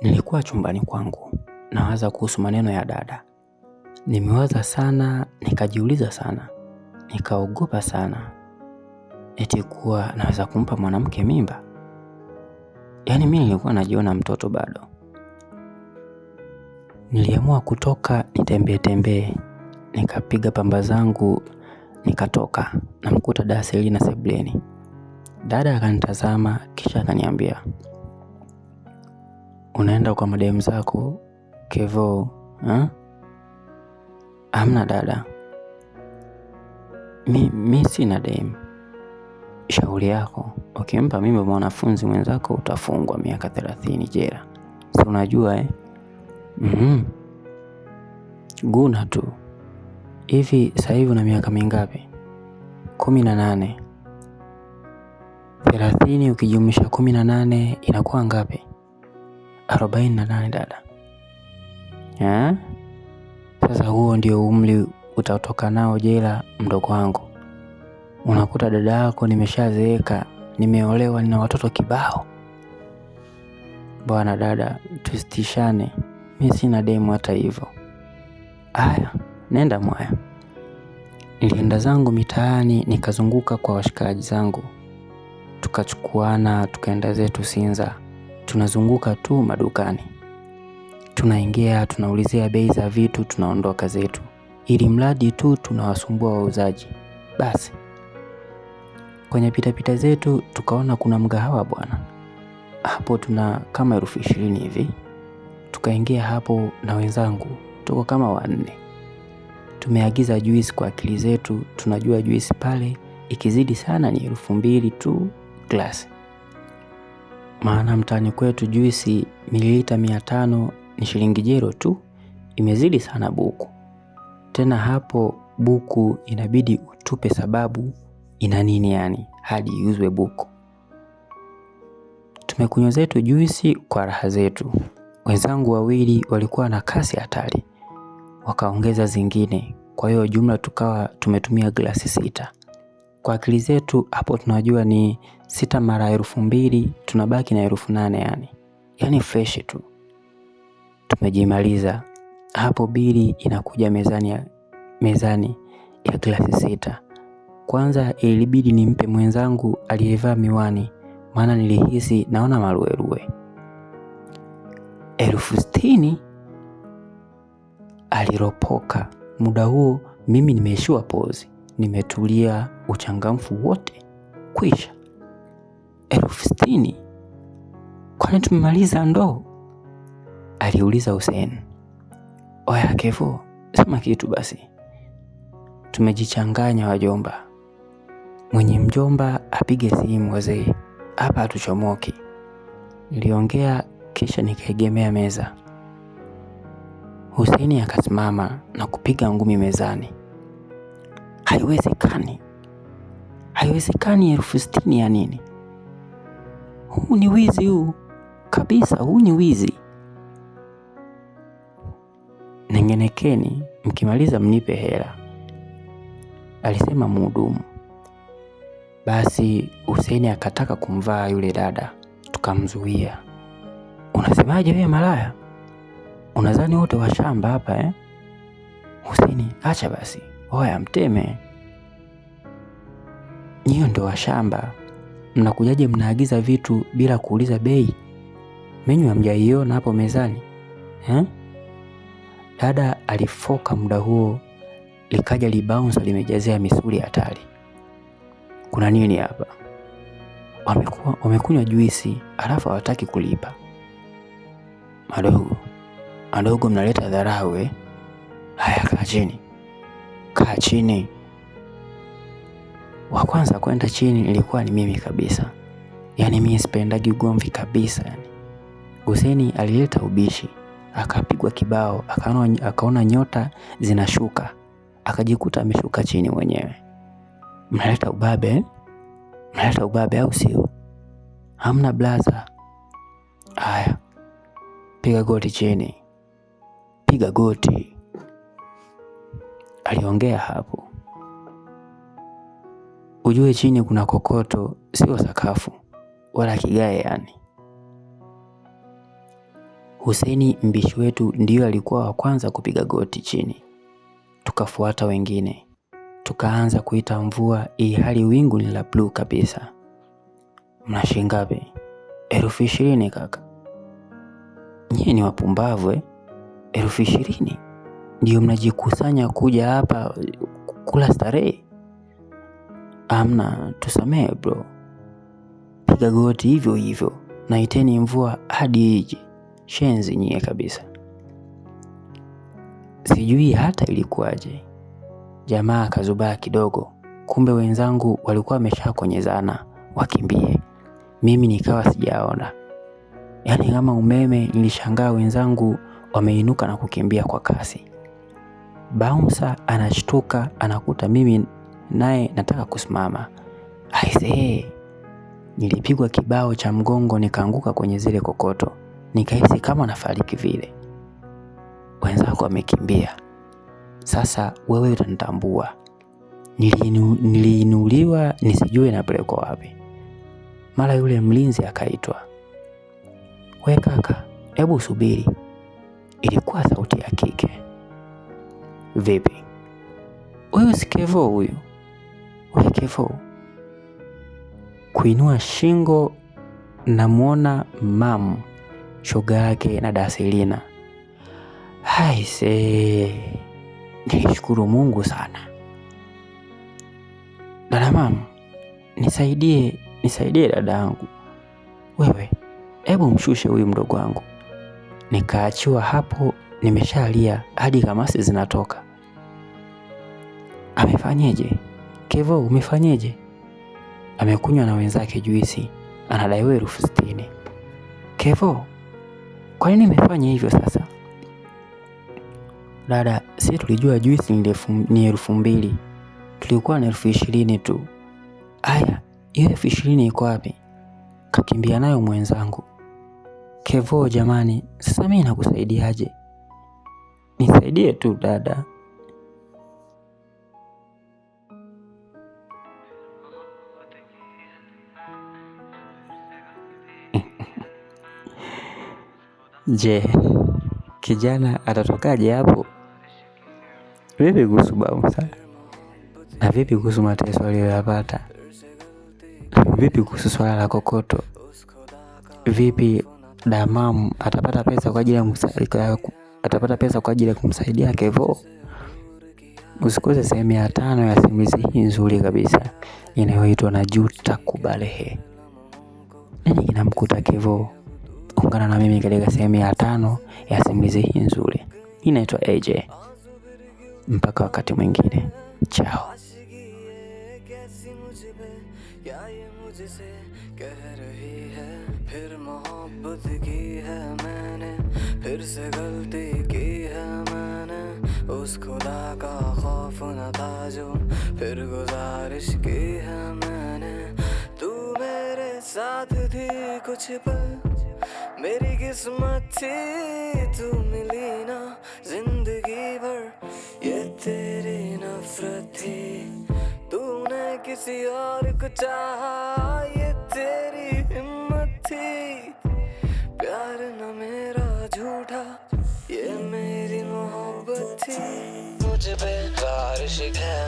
Nilikuwa chumbani kwangu nawaza kuhusu maneno ya dada. Nimewaza sana, nikajiuliza sana, nikaogopa sana, eti kuwa naweza kumpa mwanamke mimba. Yaani mimi nilikuwa najiona mtoto bado. Niliamua kutoka nitembee tembee, nikapiga pamba zangu, nikatoka namkuta dada Selina sebuleni. Dada akanitazama kisha akaniambia unaenda kwa mademu zako kevo ha? amna dada, mi, mi sina demu. Shauri yako. Ukimpa mimba mwanafunzi mwenzako utafungwa miaka thelathini jera si unajua eh? mm -hmm. Guna tu hivi. Sasa hivi una miaka mingapi? kumi na nane. Thelathini ukijumlisha kumi na nane inakuwa ngapi? arobaini na nane dada Sasa huo ndio umri utatoka nao jela, mdogo wangu. Unakuta dada yako, nimeshazeeka, nimeolewa, nina watoto kibao. Bwana dada, tusitishane, mi sina demu hata hivyo. Aya, nenda mwaya. Nilienda zangu mitaani, nikazunguka kwa washikaji zangu, tukachukuana, tukaenda zetu Sinza tunazunguka tu madukani, tunaingia, tunaulizia bei za vitu, tunaondoka zetu, ili mradi tu tunawasumbua wauzaji basi. Kwenye pitapita pita zetu tukaona kuna mgahawa bwana, hapo tuna kama elfu ishirini hivi. Tukaingia hapo na wenzangu, tuko kama wanne, tumeagiza juisi. Kwa akili zetu tunajua juisi pale ikizidi sana ni elfu mbili tu glasi maana mtaani kwetu juisi mililita mia tano ni shilingi jero tu, imezidi sana buku. Tena hapo buku inabidi utupe sababu ina nini yani hadi iuzwe buku. Tumekunywa zetu juisi kwa raha zetu. Wenzangu wawili walikuwa na kasi hatari, wakaongeza zingine, kwa hiyo jumla tukawa tumetumia glasi sita. Kwa akili zetu hapo tunajua ni sita mara elfu mbili tunabaki na elfu nane yani, yani fresh tu tumejimaliza hapo. Bili inakuja mezani ya, mezani ya klasi sita. Kwanza ilibidi nimpe mwenzangu aliyevaa miwani, maana nilihisi naona maruerue. elfu sitini aliropoka. Muda huo mimi nimeishiwa pozi nimetulia, uchangamfu wote kwisha. elfu sitini kwani tumemaliza ndoo? aliuliza Hussein. Oya Kevo, sema kitu basi, tumejichanganya wajomba. Mwenye mjomba apige simu wazee, hapa hatuchomoki, niliongea kisha nikaegemea meza. huseni akasimama na kupiga ngumi mezani. Haiwezekani, haiwezekani. elfu sitini ya nini? Huu ni wizi, huu kabisa, huu ni wizi. Nengenekeni, mkimaliza mnipe hela, alisema mhudumu. Basi huseni akataka kumvaa yule dada, tukamzuia. Unasemaje wewe malaya? Unadhani wote washamba hapa eh? Huseni, acha basi. Oya mteme, nyiyo ndo washamba, mnakujaje mnaagiza vitu bila kuuliza bei? Menyu hamjaiona hapo mezani ha? Eh? Dada alifoka. Muda huo likaja libaunsa limejazea misuli hatari. Kuna nini hapa? Wamekuwa wamekunywa juisi alafu hawataki kulipa. Madogo madogo, mnaleta dharau. Eh? Haya, kaa chini kaa chini. Wa kwanza kwenda chini ilikuwa ni mimi kabisa, yaani mimi sipendagi ugomvi kabisa. Yani Huseni alileta ubishi, akapigwa kibao, akaona nyota zinashuka, akajikuta ameshuka chini mwenyewe. Mnaleta ubabe, mnaleta ubabe, au sio? Hamna blaza. Haya, piga goti chini, piga goti aliongea hapo. Ujue chini kuna kokoto, sio sakafu wala kigae. Yani Huseni mbishi wetu ndiyo alikuwa wa kwanza kupiga goti chini, tukafuata wengine, tukaanza kuita mvua, hali wingu ni la bluu kabisa. Mna Elfu ishirini kaka. Nyie ni wapumbavu eh? Elfu ishirini ndio mnajikusanya kuja hapa kula starehe? Amna, tusamehe bro. Piga goti hivyo hivyo, na iteni mvua hadi iji Shenzi nyie kabisa. Sijui hata ilikuwaje, jamaa akazubaa kidogo. Kumbe wenzangu walikuwa wameshakonyezana wakimbie, mimi nikawa sijaona. Yaani kama umeme, nilishangaa wenzangu wameinuka na kukimbia kwa kasi. Bouncer anashtuka anakuta mimi naye nataka kusimama. Aisee, nilipigwa kibao cha mgongo nikaanguka kwenye zile kokoto, nikahisi kama nafariki vile. Wenzako wamekimbia, sasa wewe utanitambua. Nilinu, niliinuliwa nisijue napelekwa wapi. Mara yule mlinzi akaitwa, we kaka, hebu subiri. Ilikuwa sauti ya kike. Vipi wewe, si huyu? wekevo, kuinua shingo, namwona mamu shoga yake na Dasilina. Haise, nishukuru Mungu sana dada. Mamu nisaidie, nisaidie dada yangu wewe, hebu mshushe huyu mdogo wangu. Nikaachiwa hapo, nimeshalia hadi kamasi zinatoka amefanyeje? Kevo umefanyeje? Amekunywa na wenzake juisi, anadaiwa elfu sitini. Kevo, kwa nini umefanya hivyo sasa? Dada, si tulijua juisi ni elfu mbili, tulikuwa na elfu ishirini tu. Aya, hiyo elfu ishirini iko wapi? Kakimbia nayo mwenzangu. Kevo, jamani, sasa mimi nakusaidiaje? Nisaidie tu dada. Je, kijana atatokaje hapo? Vipi kuhusu bouncer? Na vipi kuhusu mateso aliyoyapata? Vipi kuhusu swala la kokoto? Vipi Damamu atapata pesa kwa ajili ya msa... atapata pesa kwa ajili ya kumsaidia Kevo? Usikose sehemu ya tano ya simulizi hii nzuri kabisa inayoitwa Najuta Kubalehe. Nini kinamkuta Kevo? ungana na mimi katika sehemu ya tano ya simulizi hii nzuri. Inaitwa AJ. Mpaka wakati mwingine, chao. उस खुदा का खौफ न था जो फिर गुजारिश की है मैंने तू मेरे साथ थी कुछ पल मेरी किस्मत थी तू मिली ना जिंदगी भर ये तेरी नफरत थी तूने किसी और को चाहा ये तेरी हिम्मत थी प्यार न मेरा झूठा ये मेरी मोहब्बत थी मुझे बेकार शिकन